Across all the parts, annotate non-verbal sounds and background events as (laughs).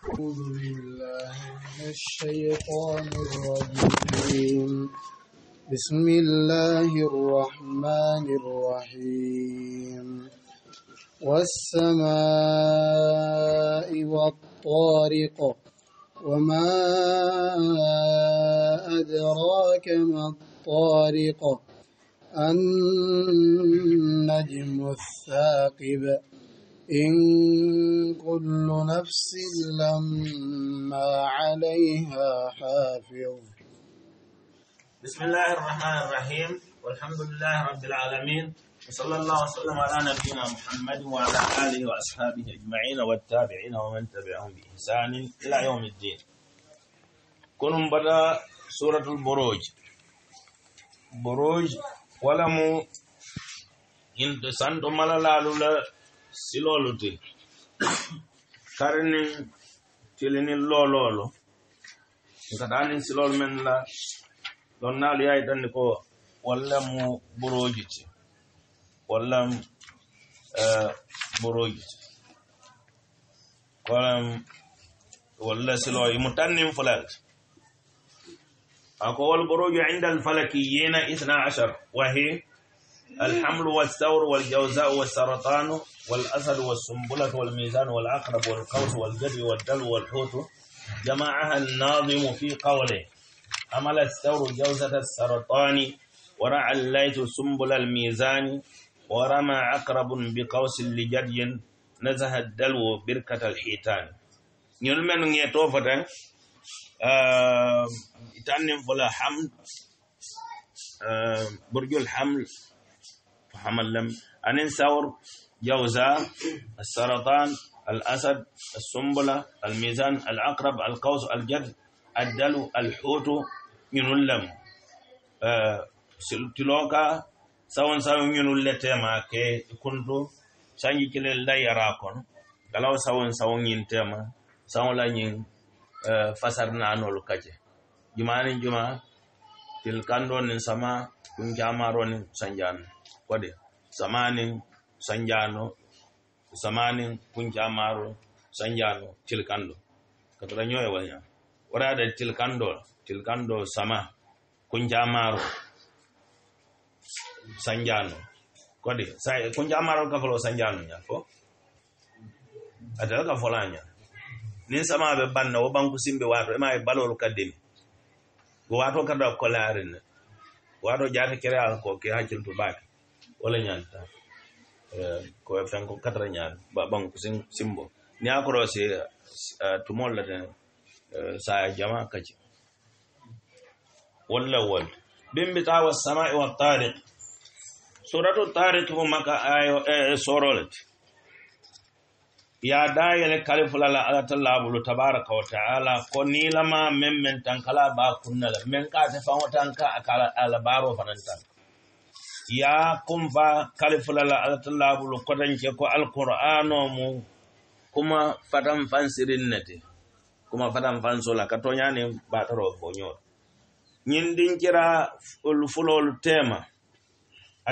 أعوذ بالله من الشيطان الرجيم بسم الله الرحمن الرحيم والسماء والطارق وما أدراك ما الطارق النجم الثاقب إن كل نفس لما عليها حافظ بسم الله الرحمن الرحيم والحمد لله رب العالمين وصلى الله وسلم على نبينا محمد وعلى آله وأصحابه أجمعين والتابعين ومن تبعهم بإحسان إلى يوم الدين كنهم بدا سورة البروج بروج ولم إن تسنتم على si loolu de kare ni tili ni looloolu nka daani si loolu men la loon naalu yaay danndi ko walla mu borooji ti walla eh, borooji ti kolam walla siloo imu tannin fulal ti ako wal borooji indal falaki yeena isna achar wahi الحمل والثور والجوزاء والسرطان والأسد والسنبلة والميزان والعقرب والقوس والجدي والدلو والحوت جماعها الناظم في قوله حمل الثور جوزة السرطان ورعى الليث سنبل الميزان ورمى عقرب بقوس لجدي نزه الدلو بركة الحيتان ñolmenu ngetofata uh, itannin fola hamd uh, burjul haml حملم عن الثور جوزاء السرطان الأسد السنبلة الميزان العقرب القوس الجد الدلو الحوت ينلم أه تلوكا ساون ساون ما كي كنتو سانجي كل لا يراكم قالوا sawon sawon yin tema sawon la yin fasar na anol kaje jumani juma til kando nin sama kun sanjan samani sanjano samani kunja පුංචාමාරෝ sanjano tilkando කතර nyoya wanya warada tilkando tilkando sama kunja kunjamaro sanjano kodi sai kunjamaro ka folo sanjano nya ko ataka folanya ni sama be banna o banku simbe wato ma e lukadimi wato kada ko larin wato jata kere alko ko ke hakil to wala nyanta eh, ko e fanko katra ñaan ba banko simbo ni akoro si tumol eh, la tan eh, saya jama kaji wala wal bimbita was samai wa tariq suratu tariq ho maka ayo e sorolet ya dayele kalifula la ala bulu tabaraka wa ta'ala ko nilama memmen tankala ba kunnala men ka tanka akala ala baro fanan ya kalifula la alatallabulu kwatance ko alqur'ano mu kuma fata fansirin nete kuma katonyani fansola ka toñani bataro foñol ñin dinkira fulol tema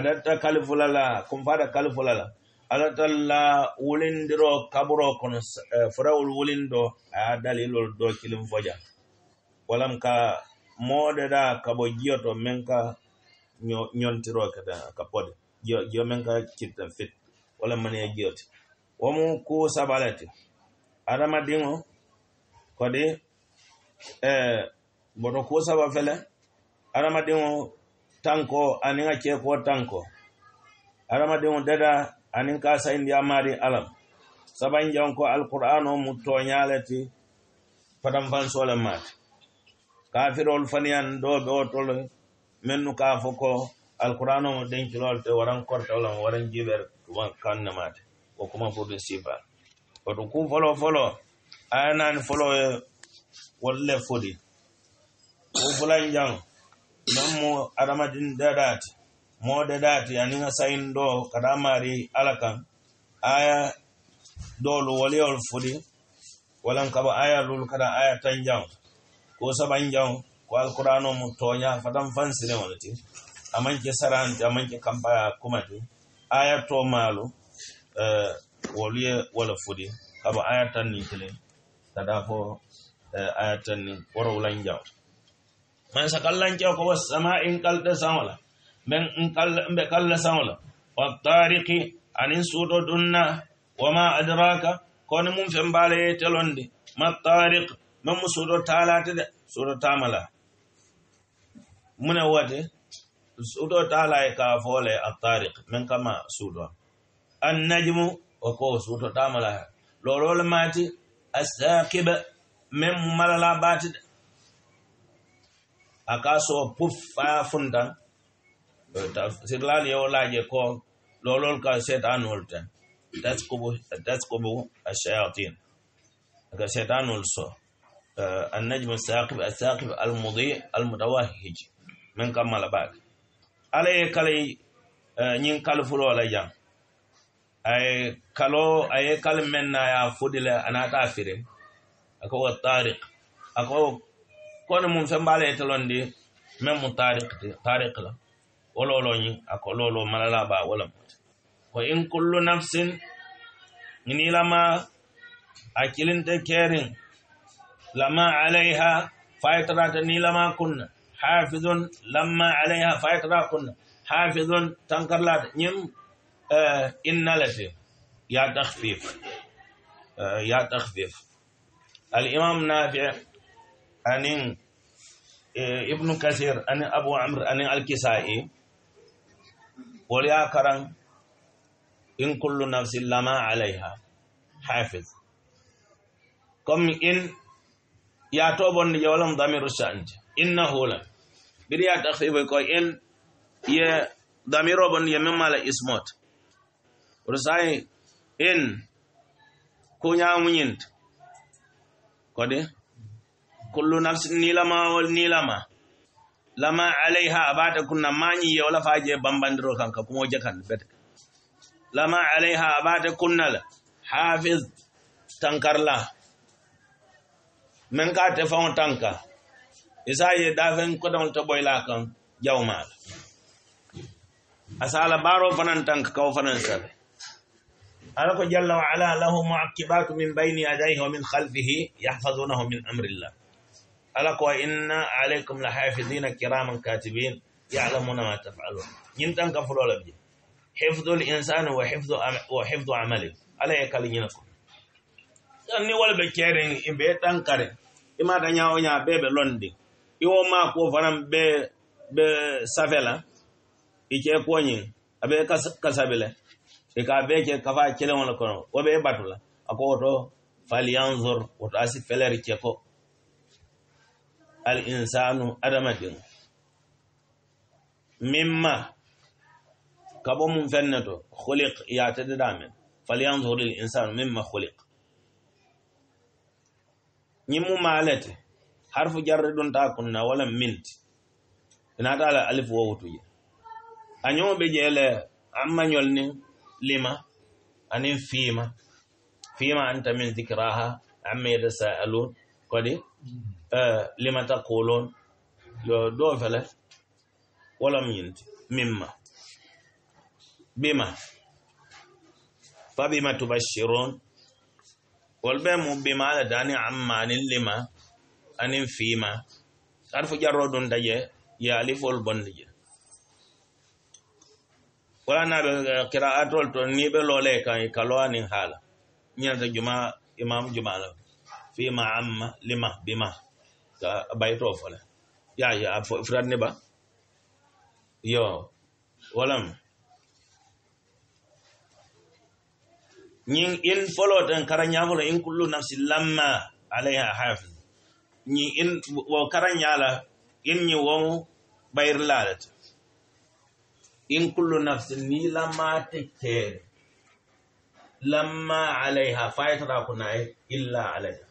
la kalifulala kalifula la alatalla wulindiro kaburo kono eh, fura wulindo adali ilo do kilin foja walam ka da kabo jioto menka nyo nyon tiro kata ka pod jo men ka kitta fit wala man ya giot wo mu ko sabalati arama dingo kode eh boto ko saba fele arama dingo tanko ani ka ke ko tanko arama dingo dada ani ka sa indi amari alam saban jonko alqur'ano mu tonyalati fadam fan sola mat kafirol fanyan do do otolo mennu ka fo ko alqur'ano mo denkirol te waran korte wala waran jiber kuma kanne mate o kuma fo ɗum sifa oɗum kum folo folo ayanani folo e wolle fodi kum fulan jan non mo adamadin deɗati moɗeɗati anin a sayin ɗo kada mari alakan kan aya dolu waliyol fodi walan kaba aya lul kada aya tanjang ko saban jan ko alkurano mu fadan fatan ne wani ti amanke saranti kampaya kampa kumati aya to maalu uh, eh, ye wala fudi kaba aya tan ni kelen kada fo uh, eh, aya tan ni woro wulanjaw man sakallanjaw ko was in kalda samala men mbe kalla samala wa tariqi anin ko ni mun adraka koni mum fe mbaalaye telonde ma tariq men mu sudo talata de sudo tamala muna wate suto tala e ka fole at-tariq men kama suto an-najmu ko suto tamala lolol mati as-saqib men malala bati puf puffa fundan sirlal yo laje ko lolol ka setan wolten taskubu taskubu ash-shayatin ka setan wolso النجم الساقب الساقب المضيء المتوهج min kam mala ɓaake ala ye kala e, ñin kalfuloo la jaŋ aye kalo aye kal men naya fodi le anata fire ako wo tarik ako kono mum fembala ye telondi men mu tarik ti tarik la wololo ñi ako lolo malala ɓa wala mut ko in kullu nafsin ini lama a kilinte kerin lama alayha fayitarata ni lama kunna حافظ لما عليها فايترا كن حافظ تنكر لا نيم آه، ان لفي يا تخفيف آه، يا تخفيف الامام نافع ان آه، ابن كثير ان ابو عمرو ان الكسائي وليا كرن ان كل نفس لما عليها حافظ كم ان يا توبن يولم ضمير الشأنج inna hulan biriya ta xibe ko in ye damiro bon ye memmala ismot oto say in kuñamuñint kodi kullu nafsin nilama wal nilama lama alayha abata kunna mañi ye wala faje bambandiro kanka kumo jakan bet lama alayha abata kunnal hafiz tankarla men ka tefaŋo tanka isaye ko don to boy la kan jawma asala baro fanan tank ko fanan sa ala ko jalla wa ala lahu mu'akibatu min bayni yadayhi wa min khalfihi yahfazunahu min amri amrillah ala ko inna alaykum la hafizin kiraman katibin ya'lamuna ma taf'alun yin tank ka lola bi hifdhul insani wa hifdhu wa hifdhu amali ala yakal yin ko tan ni wal be kere imbe tankare ima da nyaawo nya bebe londi iwo ma ko fanan be be safela ike ko nyin abe kasabele e ka be ke kafa kele wala kono o be batula ako to falyanzur o to asi feleri ke ko al insanu adamadin mimma kabo mun fennato khuliq ya fali falyanzur al insanu mimma khuliq nyimu malati harfu jarre ɗon ta kunna wala mint natala alif wowotuye a ñoɓe jeele ammañol ni lima anin fiima fiima anta min dicraha ammeyde sa alun kodi mm. eh, limata kuulon yo ɗo fele wala mint mimma bima fa bima tubashirun wol ɓe mu bimaala dani ammanin lima anin fiima ar fo ƴarro ɗum daƴe yo alifol bonde je wala naɓe eh, kira atol to niɓe loole kan kaloanin haala ñinata juma imam jumala fima amma lima bima ka bayto fole yay frat ni ba yo walam ñin in folo ten kara ñafolo in kullu nafsi lamma alayha hafid ñi in wo karañala in ñi wo bayr laalata in kullu nafse ni lamate keere lamma alayha fayitata ko naye illa alayha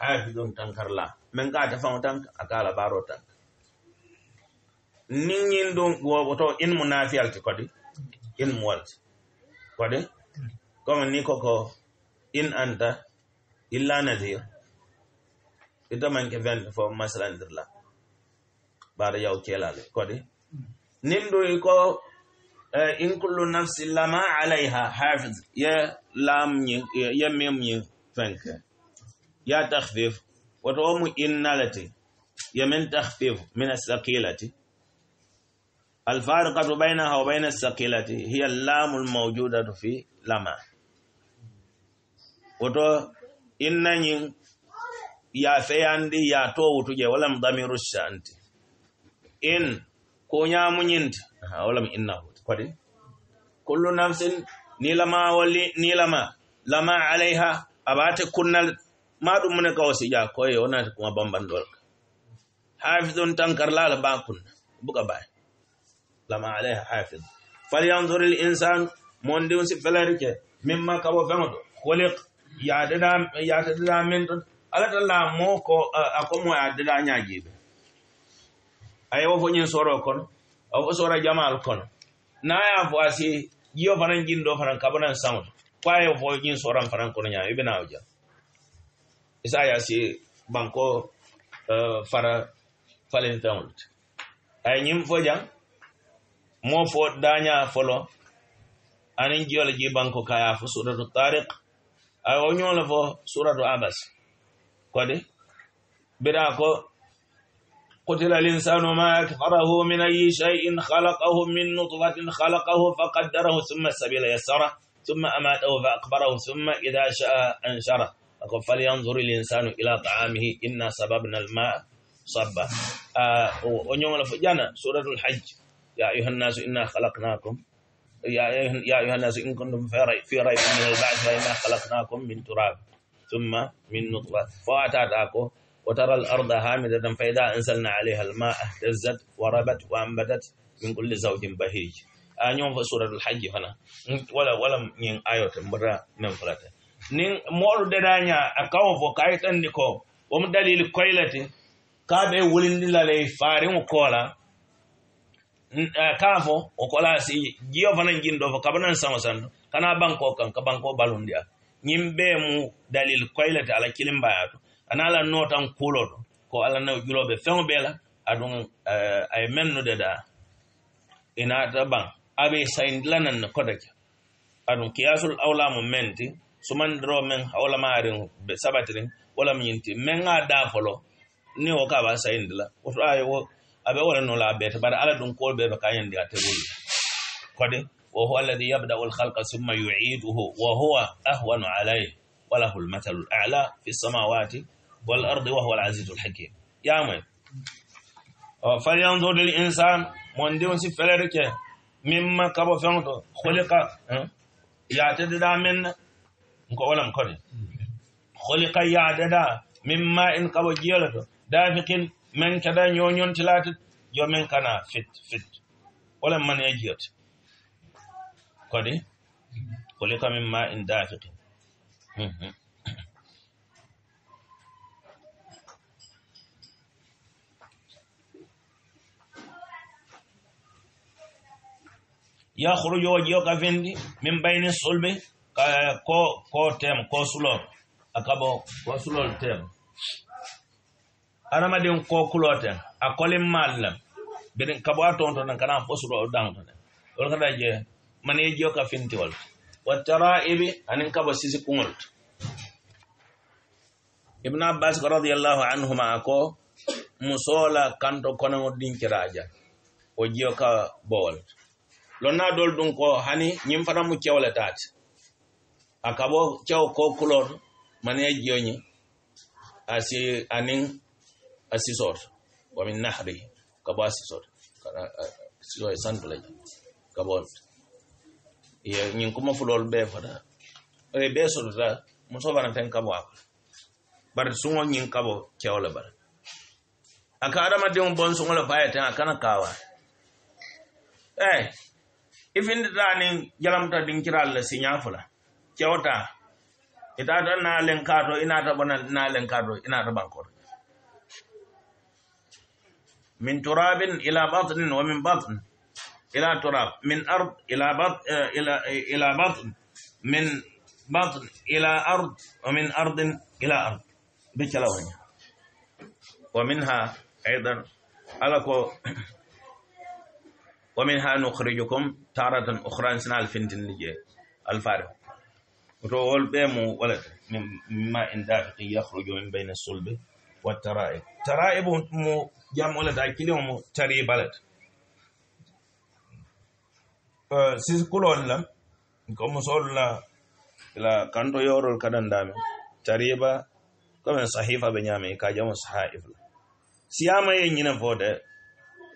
haafidun tankar la min ka tefan tanka a kaala baaro tanka nin ñin ɗum woɓo to in mu naafiyalti kodi in mu walti kodi comme ni koko in anta illa nadire ita ke fende fo la ɓaɗa yaw kelale kodi nin ɗoy ko in kullu nafsi lama alayha hafiz ya lam ni ya mem ni fenke ya takhfif wa womu innalati ya min takhfif min asakilati الفارقة بينها وبين الثقيلة هي اللام الموجودة في لما وتو إنني ya ndi ya towutuje walam damiru shanti in ko ñamuñinta walam inna huta kodi kullu nafsin nilama wali nilama lama alayha abate kunnal ma mun ka wasi ja koye ona kuma bamban dol hafizun tankar lal ba kunna buga bay lama alayha hafid falyanzur al insan mondi diun si felarike mimma ka wa to khuliq ya dada ya dada min alla tala moo ko a ko mo a dada ñaajiiɓe a yewo fo ñin soro kono a fo soro jamal kono naye a fo a si jiyo fanan jinɗo fanan kabanan sawde ko a yewo fo ñin soran fanan kono ñaa yiɓe naawo jam isaya si banko e, fara falin tawlt aye ñim fo jam moo fo daña folo anin jiyola ji banko kaya fo suratu tariq a o ñoola fo suratu abas kodi براكو قتل الإنسان ما أكثره من أي شيء خلقه من نطفة خلقه فقدره ثم السبيل يسره ثم أماته فأقبره ثم إذا شاء أنشره فلينظر الإنسان إلى طعامه إنا سببنا الماء صبا آه، ونيوم الفجانة سورة الحج يا أيها الناس إنا خلقناكم يا أيها الناس إن كنتم في ريب من البعث فإنا خلقناكم من تراب tumma min nutra fo atata ko o tara al arda hamida tan faida ansalna alayha al maa ihtazat wa rabat wa ambadat min kulli zawjin bahij a ñoom fo suratul hajji fana wala wala ñin ayota mbota men flata nin moɗo deɗaña a kawo fo kayi tanndi ko womo dalil koylati kaa ɓe wulindilale faariŋo koola kaa fo o kola si jiyo fana jinɗo fo kaba nan sama sanndo kana banko kan ka banko balundi a ñiŋ bee mu dalil koyilete ala kiliŋ baya to ana la nootaŋ kuulo to ko alla na juloobe feŋo bee la aduŋ uh, ay mennu de daa inaata baŋ abe sayindila naŋ ne kota ke aduŋ kiyaasul awlaamu meŋ ti sumandiroo meŋ hawlamaariŋ be sabatiriŋ wo lam ñiŋ ti meŋ ŋa daa folo ni wo ka a ba sayindi la woto ay wo a be wo le nuula a beete bari alla duŋ kuolu bee be kaa ñandi a tegulu la kodi وهو الذي يبدأ الخلق ثم يعيده وهو أهون عليه وله المثل الأعلى في السماوات والأرض وهو العزيز الحكيم يا مي آه، فلينظر للإنسان من دون سفلرك مما كبو فنطو خلق آه. يعتدد من ولا مكوني خلق يعتدد مما إن كبو جيلتو دافق من كذا نيون تلاتت يومين كنا فت فت ولا من يجيت kodi kulika min ma in dafiqin mhm. yahruju o jiyoka findi min bayni sulbe ko ko tem ko sulol akabo ko sulol tem adamadin ko kulo ten a kolin mallam bedin kabo a tonto nan kana fo sulo dangto ten wol kada je man ye joka fintiwol والترائب أن كبو سيسي كونت ابن عباس رضي الله عنهما أكو musola kanto kono dinkiraja o jio ka bowol lonna dol dun ko hani ñin fana mu cewle taati akabo kabo cew ko kulor mane jiyoñi asi anin a sisoto wamin nahri kabo a eh, eh, sisoto siso e santulaji kabol ye ñiŋ kuma fulol bee fota e bee sotota muso fana teŋ kabo a kono bari suŋo ñiŋ kabo kewo le bari a ka adamadiŋo boŋ suŋo le fo a ye teŋ a kana kaawa e i findita aniŋ jalamuta dinkiraalu le siñaa fula kewo taa itaata naa leŋ kaato ina ta bona naa leŋ kaato i naata bankoro min turabin ila batnin wa min batn إلى تراب من أرض إلى بطن آه، إلى إلى بطن من بطن إلى أرض ومن أرض إلى أرض بتلونها ومنها أيضا ألكو ومنها نخرجكم تارة أخرى سنا الفنتين لجي الفارق وتقول بيمو ولد مما إن دافق يخرج من بين الصلب والترائب ترائب مو جام ولد أكلهم تري بلد uh, siskulol la ko la la kanto yorol kadandame tariba comme sahifa be ñame ka jamo sahaif la siyama ye ñina fode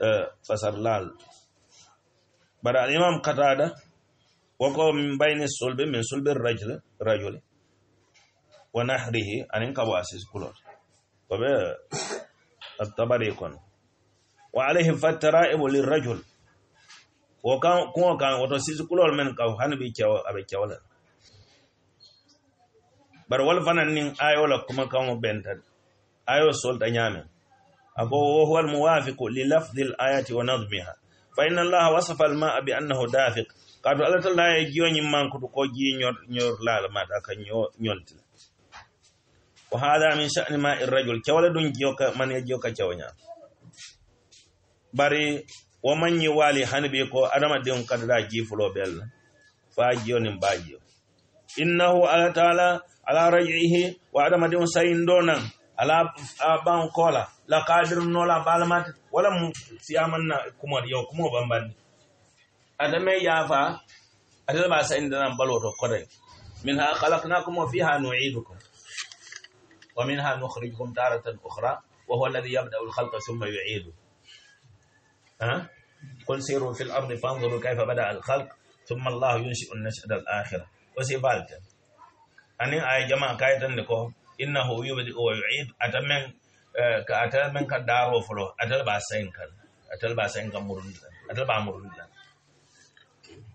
uh, e, fasar lal bara imam qatada wako min bayni sulbi min sulbi rajul rajul wa nahrihi anin kawasis kulot ko be at-tabari kon wa alayhi fatra'ib lirajul wo kaŋ kuŋo kaŋ woto sisikuloolu meŋ ka hani bi kewo a be kewo le bari wolu fanaŋ niŋ ayo la kumakaŋo benta ayo solta ñaameŋ a ko wo huwal muwafiku li lafdi l ayati wa nadmiha fa inna allaha wasafa al maa bi annahu dafik kaatu alla tala ye jiyoñiŋ mankutu ko jii ñorlaala mata ka ñolti le wa hada min sani ma irrajul kewo le duŋ jiyo ka maŋ ye jiyo ka kewo ñaam bari wo man ñi waali hani ɓe ko adamadenw kadata jiifulo ɓel fa jiyo nin bajiyo innahu allah taala ala rajihi wa adamadenw sayindo nan ala ban kola la kadirun nola balamati wala mu siyamanna kumor yo kumo bambandi adame yafa adala ba sayindo nan baloto koday minha khalaqnakum wa fiha nu'idukum ومنها نخرجكم تارة أخرى وهو الذي يبدأ الخلق ثم يعيده قل سيروا في الأرض فانظروا كيف بدأ الخلق ثم الله ينشئ النشأة الآخرة وسي بالك أني أي جماعة كايتا نكو إنه يبدئ ويعيد أتمن آه، كأتمن كدارو فلو أتلبا سينكا أتلبا سينكا مرلا أتلبا مرلا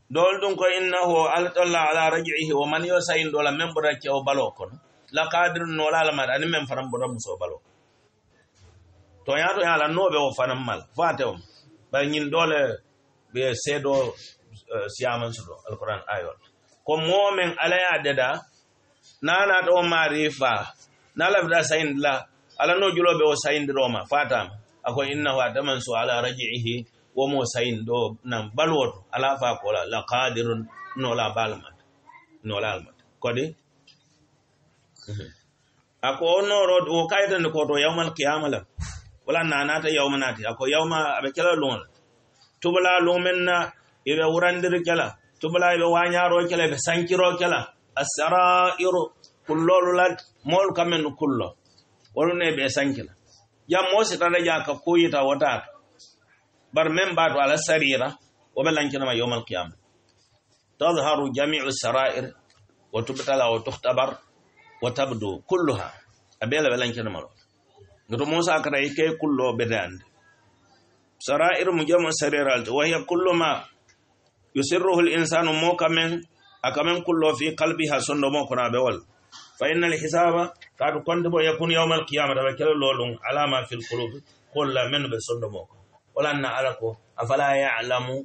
دول دونكو إنه ألت الله على رجعه ومن يسين دولا من برك أو بلوكو لا قادر نولا لما أني من فرم برمسو بلوكو تو يا تو يا لا نوبه وفنمل فاتهم ba ñin doole ɓe seedoo eh, siyamansuɗo alquran ayol ko momen alaya deda nanata o maari faa nalafda sayindila alano juloɓe o sayindiroma fatama ako innahu atamansu ala rajiihi womo sayinɗo nan balwoto ala fa kola la kadiru nola balmata nola almata kodi mhm. ako o noro o kayitande koto yawmal qiyama lam wala na nata yawma nati ako yawma abe kala lon tubula lon menna ibe urandir kala tubula ibe wanyaro kala be sankiro kala asrair kullu lat mol kamen kullo wala ne be sankila ya mosi tana ya ka koyita wata bar men ba to ala sarira wa balankina ma yawmal qiyam tadhharu jami'u sarair wa tubtala wa tukhtabar wa tabdu kulluha abela balankina malo goto mosa kata ike kullo bedande sara'ir mu jama sariral to wahiya kullo ma yusirruhul insanu mo kamen akamen kullo fi qalbi ha sondo mo kona be wal fa innal hisaba kadu konde bo yakun yawmal qiyamata ba kelo lolun alama fil qulub kullu men be sondo mo walanna alako afala ya'lamu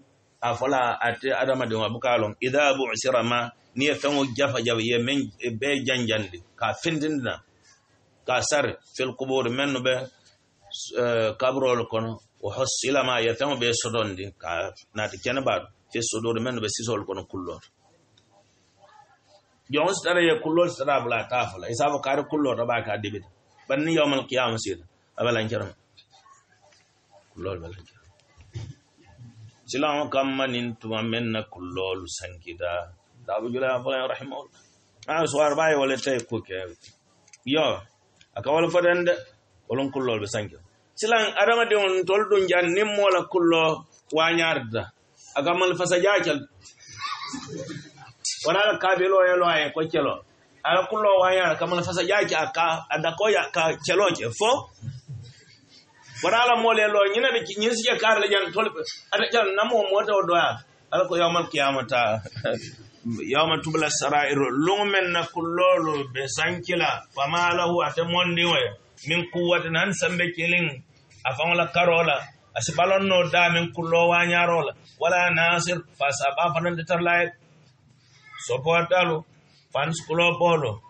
afala ate adama de wabukalon idha bu'sira ma ni e fengo jafa jaw ye men be janjandi ka fendinda ka sari fil kubur mennu be kaburol kono wo ho silama yeteŋo be sodondi ka naati kene fi suduri mennu be sisol kono kulloto jon sitara ye kullol sitara bula tafula isafo kari kulloto ba ka dibita bari ni yawmal qiyama sita a balankerama kullol balankerama silaŋo kamma nin tuma men na kullolu sankita dabu julaya fulaŋ rahimahullah ah suwar ba ye wale tayi ku ke yo aka wala fatande wolon kullol be sanke silan adama de on tol ɗum jan mola kullo wa wañarda agamal fasa jacal wona ala kabelo yelo ay ko celo ala kullo wa wañara kamal fasa jaki aka ya ka je fo wala ala mole lo nyina ñinade ñin sije karle jan tol ada jan namo mota do doya ala ko yawmal kiyamata yawma tubla sarairu men na kullolu be sankila fama lahu ate mondi way min kuwatin nan sambe kelin afan karola asibalon no da min kullo wa nyarola wala nasir fasaba fanan de tarlay portalu fans kulo bolo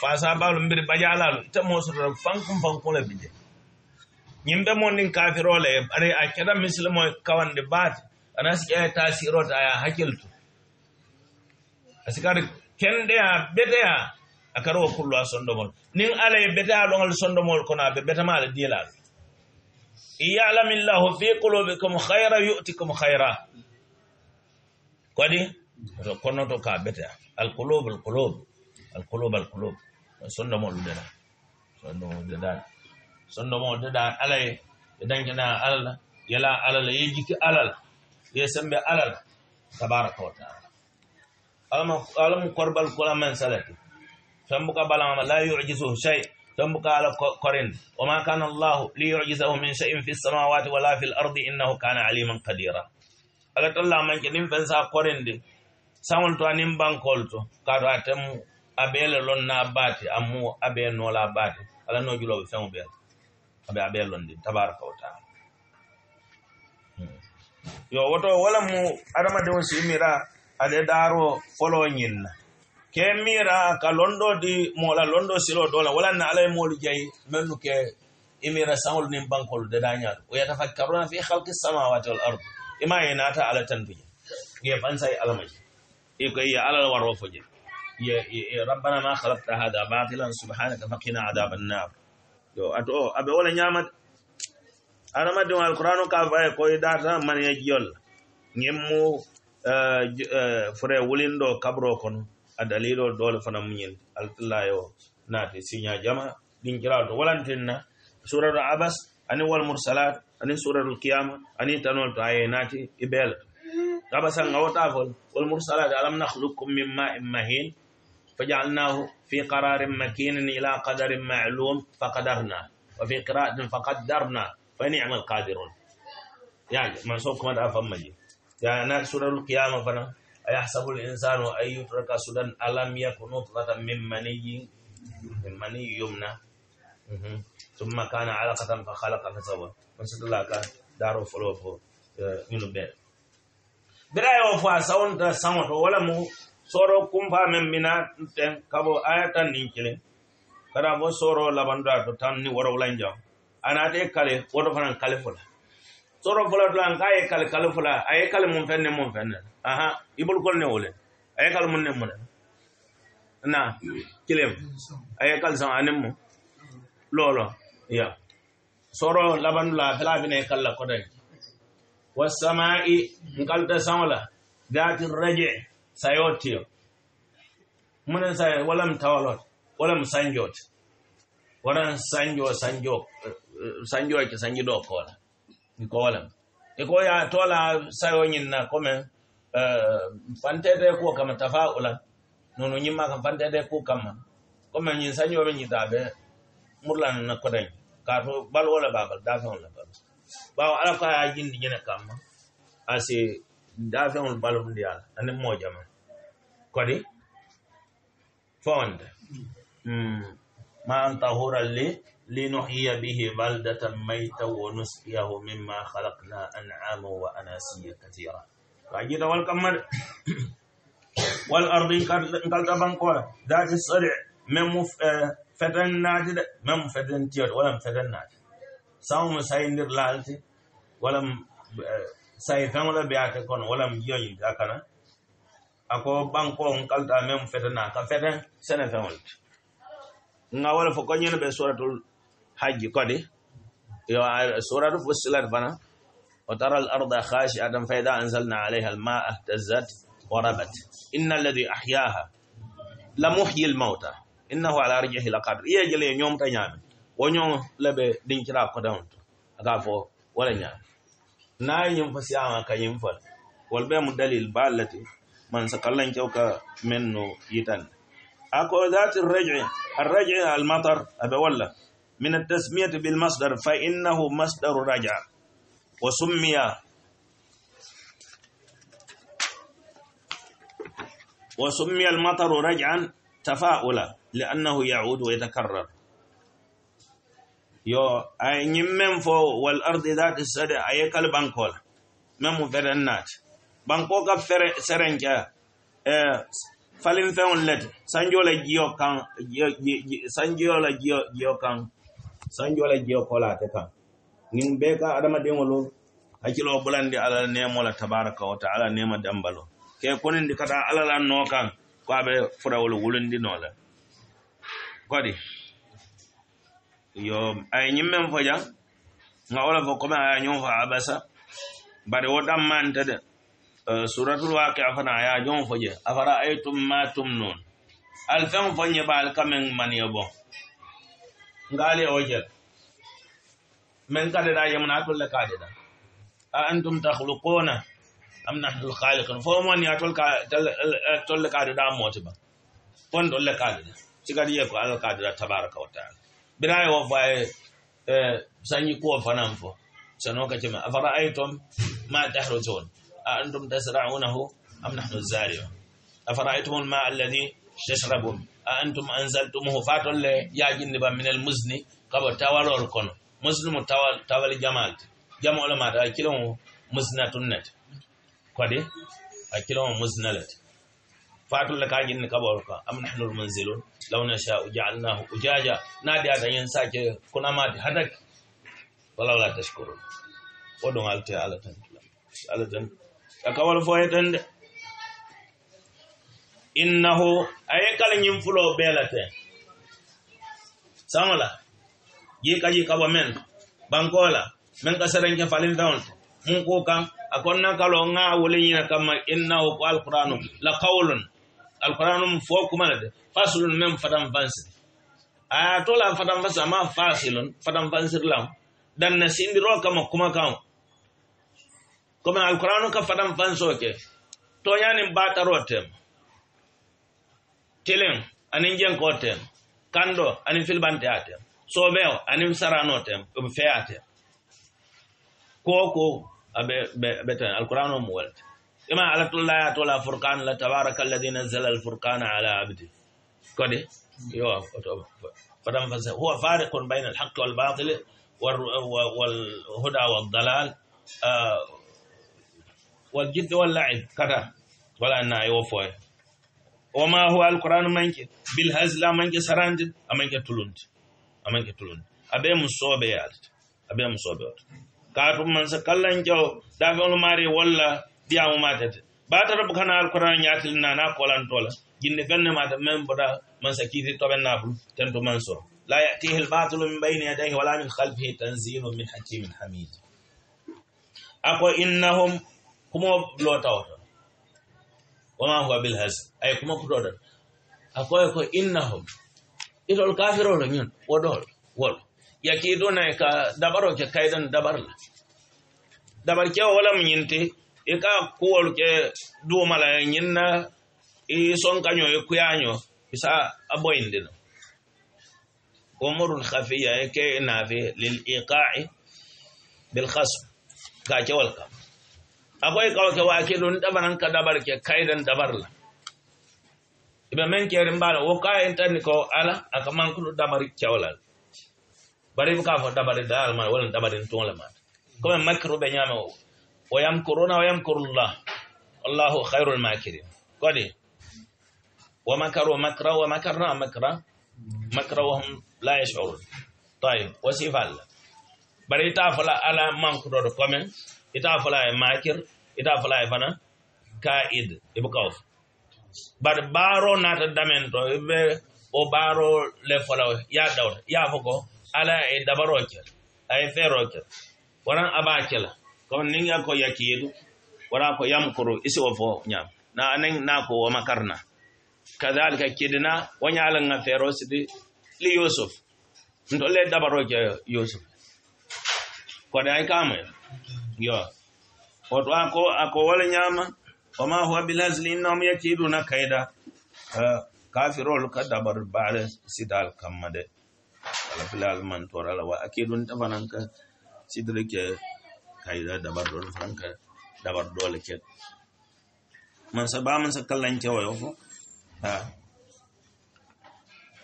fasaba lu mbir bajalal te mosoro fankum fankum la bije nyimbe mondin kafirole are akeda muslimo kawande bat anas ya tasirota ya hakiltu asikari kende ya bete ya akaro kullu a sondomol nin ala bete ya loŋol sondomol kono a be betema ala diilal iyalamillahu fi qulubikum khayra yu'tikum khayra kodi to konoto al beteya al alqulub al alqulub sondomol deda sondomol dedan sondomol dedan ala ye e dankina alala yala alala ye jiki alala ye alala tabaraka wa taala alam korbal kula man salati tambuka balama la yu'jizu shay tambuka ala korin wa ma kana allah li yu'jizahu min shay'in fi samawati wala fil ardi innahu kana aliman qadira ala talla man ke nim fansa korin de samul to anim bankol to kado atem abele lon na bati amu abe no la bati ala no julo fe be abe abe lon de tabaraka wa taala yo woto wala mu adama de won mira ade daro folo Kemira ke ka londo di mola londo silo dola wala na alay moli jay mennu ke imira sangol nim bankol de danya o kabran fi khalqis samawati wal ard ima ye naata ala tanduƴe ye fansay alamaji iko ala alal waro fo je rabbana ma khalaqta hada batilan subhanaka faqina adaban nar yo ato abe wala nyamat adama dim alquranu ka ko koye data man ye jiyolla fure wulinɗo kabro kono a daliɗo dole fana muñinde alatillahi o naati siña jama ɗin kirawo to walantinna suratul abas anin wal mursalat anin suratul qiyama anin tanol to aye naati i abasan awota fol wal mursalat alam nahlukum min ma'in mahin فجعلناه في قرار مكين إلى قدر معلوم فقدرنا وفي قراءة فقدرنا فنعم القادرون يعني منصوب كما فمجي ya na suratul qiyama fana ayahsabu al-insanu ay yutraka sudan alam yakun nutfatan min maniyyin min maniyyin yumna mhm. thumma kana 'alaqatan fa khalaqa fasawwa masalaka daru fulofo yunu eh, be birayo fo asawon da sanwa eh, to wala mu soro kumfa min mina ten eh, kabo ayatan nin kile kada bo soro labanda to tan ni woro lanja anate kale wodo fanan kale fola soro fula tula nka ye kali kali fula a ye kali mun fɛn ne mun fɛn ne aha i bolo kɔli ne wele a ye kali mun ne mun na kelen a ye kali san ani mun lɔlɔ ya soro laban dula a fila fana ye kali la kɔda ye wa sama i nkali tɛ san wala gaati rɛjɛ sayo tiyo mun ne sayo wala mu tawalɔ wala mu sanjo ti wala sanjo sanjo sanjo ci sanji dɔ kɔ la. kowolam e ko ya tola sayo ñinna comme euh, fantede kuo kama tafaula nono ñimma kam fantede kuo kamma comme ñin sañoɓe ñitaɓe murlanana kodañ kato balwola babal dafeol na bal ɓaw ala ko ya jindi ñine kamma asi dafeol balu ndiyal ane mojama kodi fonde hmm. ma an tahural li لنحيي به بلدة ميتا ونسقيه مما خلقنا أنعاما وأناسيا كثيرا كاجيدا والكمر والأرض قال تبان ذات الصرع من فتن ناتي من فتن تيوت ولم فتن ناتي سوم سايندر لالتي ولم sayi ولا بياتكون ولم ate kono أكو jiyoñiŋ ta kana فتن ko فتن kalta meŋ fete na ka suratul hajji kodi suratu fussilat fana wa tara al-arda khashi'atan fa idha anzalna 'alayha al-ma'a ihtazzat wa rabat inna alladhi ahyaha la muhyi al-mauta innahu 'ala raj'ihi laqadir iya jele nyom ta nyame wo nyom labe dinkira ko down aka fo wala nyame na yin fasiyama ka yin fal wal be mu dalil balati man sakallan kyauka menno yitan ako zati ar-raj'i ar-raj'i al-matar abe walla من التسمية بالمصدر فإنه مصدر رجع وسمي وسمي المطر رجعا تفاؤلا لأنه يعود ويتكرر يو أي نمم فو والأرض ذات السد أي كالبانكول مم فرنات بانكوكا فرنجا آه، فلن فون لت سانجولا جيوكان سانجولا جيوكان sanjole jeekolaate kan nin be ka adamadeŋolu hakkilo bulandi ala la neemola tabaraka wa taala neema dambalo ke konindi kata ala la noo kan ko aɓe furawolu wulundino le kodi yo aye ñimmen fo jaŋ nga wola fo comme aya ñoŋ fo abasa bari wo dammante de euh, suratul waqia fana aya ñoŋ fo je afara aytum ma tum noon alfeŋ fo ñebaal kameŋ maniye bon nga ali o jel men kadeda yamunatol le kadeda a antum takhluquna am nahnu lkhaliqun fo mon ya tol ka tol le kadeda motiba fon tol le kadeda sigadi ye ko ala kadeda tabaraka wa taala biraye wo faye sanyi kuwa fanan fo sanoo ka cema afara'aytum ma tahrujun a antum tasra'unahu am nahnu zari'un afara'aytum al ma'a alladhi tashrabun antum anzaltumuhu ya yajinde ba minal muzni kaba tawalol kono muslimu tawal tawal jamalt jamol mata kilon musnatun net kode akilon musnalat fatolle kajinne kabol ko am al munzilun law nasha ja'alnahu ujaja nadi ada yen sake kuna mati hadak wala la tashkurun wadon alta ala tan ala tan akawal foye tan de innahu aye kala ñin fulo ɓeelate saŋola jiika jiika ɓo men bankola min ka serenke falin fewonto mun ku kaŋ a konna kalo ŋa wuli ñina kamma innahu ko alquranum la kawlun alquranum fo kumanade fasilun men fatan fansiri aya tola fatan fansiri ama fasilun fatan fansiri lam dan na sindiro kamma kuma kaŋ komin alquranu ka fatan fansoke toñanin batarotema telen anin jenko tem kando anin filbante atem sobew anin sarano tem ɓe feya tem ko ko aɓe ten alquran o mo ima ala tullaya tola furkan la tabaraka alladi nazzala alfurqana ala abdi kodi yo fadan fasa huwa fariqun bayna wal wal huda alhaqqi walbatili والهدى والضلال والجد واللعب كذا ولا أنا يوفوه oma ho alqouranu manke bil hasle amanke sarande amanke tulunde amanke tulunde aɓe mu soɓe yaldete aɓe mu soɓe oto ka tummam so kallan ƴaw dafeolomari walla ɗiyamu matete batatoɓo kana alqouran yatilinana kolantola jinde fenne mata même boɗa man sa kiiti toɓenna bum ten tuman soro la yatihil batilu min bayni yadayhi wala min halfihi tanzilu min hakimin hamid ako innahum kumo lo tawto وما هو بالهزل أي كم كرودر أكو يكو إنهم إذا الكافرون يون ودول ول يكيدون كا دبرو كايدن دبرلا dabar ke wala mu nyinte e ka kuwol ke duumala nyinna e sonkaño e kuyaño isa aboyindino umurul khafiya e ke naafe lil iqa'i bil khasm ka kewal kam a koy kawke waake ɗon ɗabaran ka dabar ke kaydan dabarla ɓe min keri mbaala wokka en tanni ko ala aka manqueɗo dabari cewlal barimi ka fo dabare daalma walla dabarin tongla mata comme makkiru ɓe ñaame o o yamkuruna o yamkurullah wallahu hayrul makirin kodi wa makaru makra wa makarna makra makrawahum la yashurun toy wa sifa allah bari ta fola ala manqueɗoɗo commen ita fala e makir ita fala e fana kaid ibo kaf bat baaro naata damen to ɓe o baaro le fola ya dawta yaafo ko ala e dabaro cel aye feero cel wonan aba cela comme nin ya ko yakkiidu wona ko yamkoro isi o fo ñaam na anen na ko wo makarna kadalika kidina woñalanga feero sidi li yusuf nto le dabaro ce yusuf kode ay kamoyo kukiwa watu wako ako wale nyama wama huwa bilazli innahum yakiduna kaida Uh, kafirul kadabar ba'da sidal kamade ala bilal man torala wa akidun tafananka sidrike kaida dabar don franka dabar dole ke man sabam man sakallan tawayo fo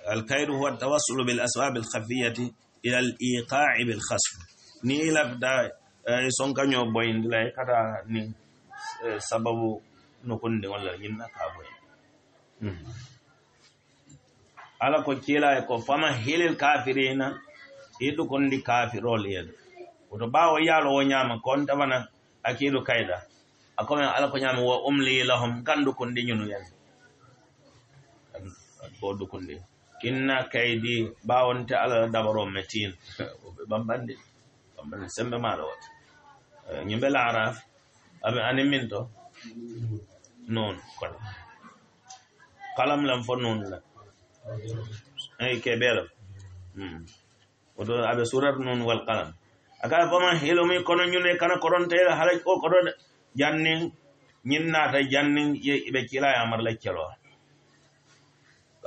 الكيد هو التوصل بالأسباب الخفية إلى الإيقاع بالخصم نيلف دا eyi eh, sonkañoo boyindilay kata ni eh, sababu nokondiŋolla ñinna ka boyi hmm. ala ko kiila ko fama hilil kafirina yiɗɗu kondi kafirol yeeda woto ɓaawo yaalo wo ñaama kon tamana akiilu kayda akome ala ko ñaama wo umli lahum kandu kondi ñunu yen ko dukondi kinna kaydi ɓaawonte ala dabaro me tiin (laughs) oɓe bambandi bambandi sembe maalo wota ñimɓe laaraafi aɓe ani min to noon kon kalam lam fo non la ay ke keɓeelam oto aɓe surar non wal kalam aka ma helo mi kono ñune kana la halaj ko koɗo janni ñin na naata jannin ɓe kila yamar la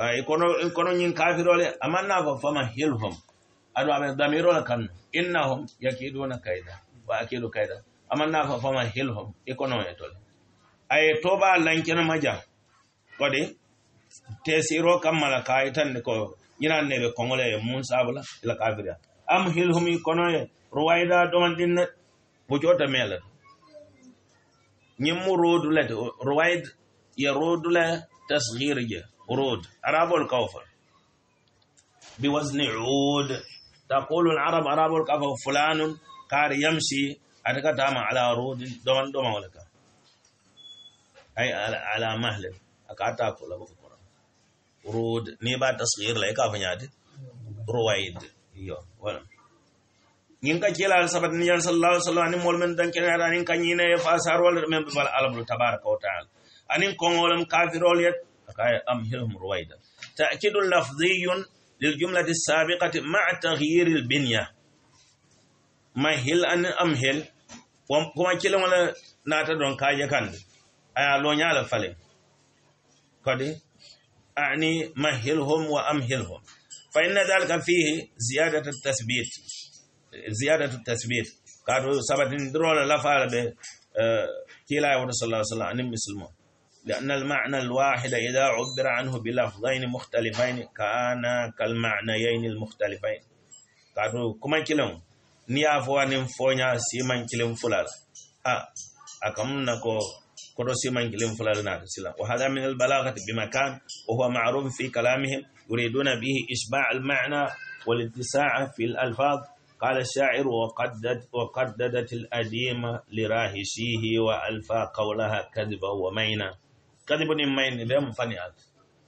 ay kono kono ñin kafirole amanna fo fama fam fom aɗo damiro la kan innahum yakiduna kaida bakelu kayda amanna fa fama helhom économie tole aye toba lankenama ja wade tesiro kammala kayitande ko yinanneɓe kogoleye mun sabla ila kafiria am helhom économie rowayda domanɗin neɗ pucota melat ñimmu rodulete rowayd ye rodule tasgir je rod arabol kawfal bi wasni ud taqulu larab arabol kafa fulanun kaare yamsi ata ka taama ala roodi doman domaŋo le kaŋ ay ala mahle a ka taa ko labo kora rood niŋ i be a tasgir la i ka fo ñaati rowaid yo wala ñiŋ ka kiila ala sabati ni yan sallallahu alaihi wasallam aniŋ moolu meŋ dankeneyaata aniŋ ka ñiina ye fa saarol meŋ be bala ala bulu tabaraka wa taala aniŋ koŋol mu kafirol yet aka amhilhum rowaida ta'kidu lafdhiyun للجملة السابقة مع تغيير البنية man hil an am hil kuma kilin wani nata don kaje kan a yalon ya alfalin kodi ani mahilhum wa am amhilhum fa inna dhalika fihi ziyadatu at ziyadatu at-tathbit kado sabatin drola la fala be kila wa sallallahu alaihi wasallam anim muslimu لأن المعنى الواحد إذا عبر عنه بلفظين مختلفين كان كالمعنيين المختلفين قالوا كما كلهم ni y'a fɔ ani fɔɲa siman kelen fula la a a na ko kɔrɔ siman kelen fula la na sila wa hada min al balaghat bi makan wa huwa ma'ruf fi kalamihim yuriduna bihi isba' al-ma'na wal ittisa'a fi al-alfaz قال الشاعر وقدد وقددت الأديمة لراهشيه وألفا قولها كذبا ومينا كذب مين لم فنيات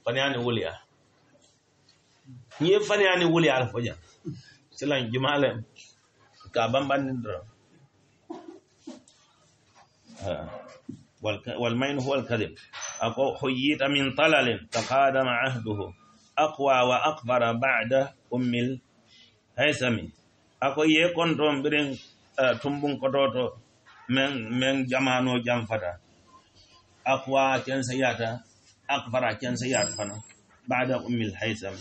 فنيان وليا ني فنيان وليا الفجر سلام جمالهم كابان بندر والمين هو الكذب أقو حييت من طلل تقادم عهده أقوى وأكبر بعد أم الهيسم أقو يكون تنبرين آه، تنبون كتوتو من من جمانو جنفتا أقوى كن سياتا أكبر كن سيات فنا بعد أم الهيسم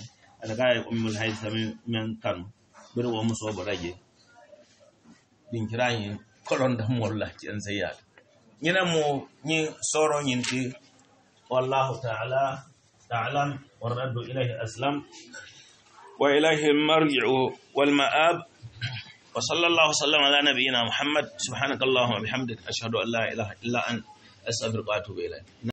أنا قاعد أم الهيسم من كان برو مصوب رجي dinkirayin kolonda molla ken ziyad nyina mo nyi soro nyinti wallahu ta'ala ta'lam والرد إليه أسلم وإليه المرجع والمآب وصلى الله وسلم على نبينا محمد سبحانك اللهم وبحمدك أشهد أن لا إله إلا أنت أستغفرك وأتوب إليك